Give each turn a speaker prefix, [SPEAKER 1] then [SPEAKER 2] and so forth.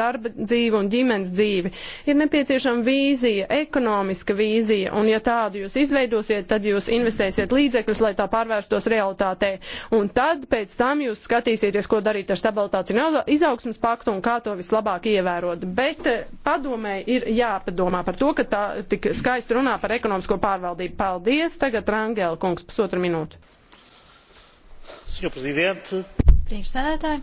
[SPEAKER 1] darba dzīvi un ģimenes dzīvi. Ir nepieciešama vīzija, ekonomiska vīzija, un ja tādu jūs izveidosiet, tad jūs investēsiet līdzekļus, lai tā pārvērstos realitātē. Un tad pēc tam jūs skatīsieties, ko darīt ar stabilitātes un izaugsmas paktu un kā to vislabāk ievērot. Bet eh, padomē ir jāpadomā par to, ka tā tik skaisti runā par ekonomisko pārvaldību. Paldies, tagad Rangēla kungs, pusotru minūtu.
[SPEAKER 2] Priekšsēdētāji.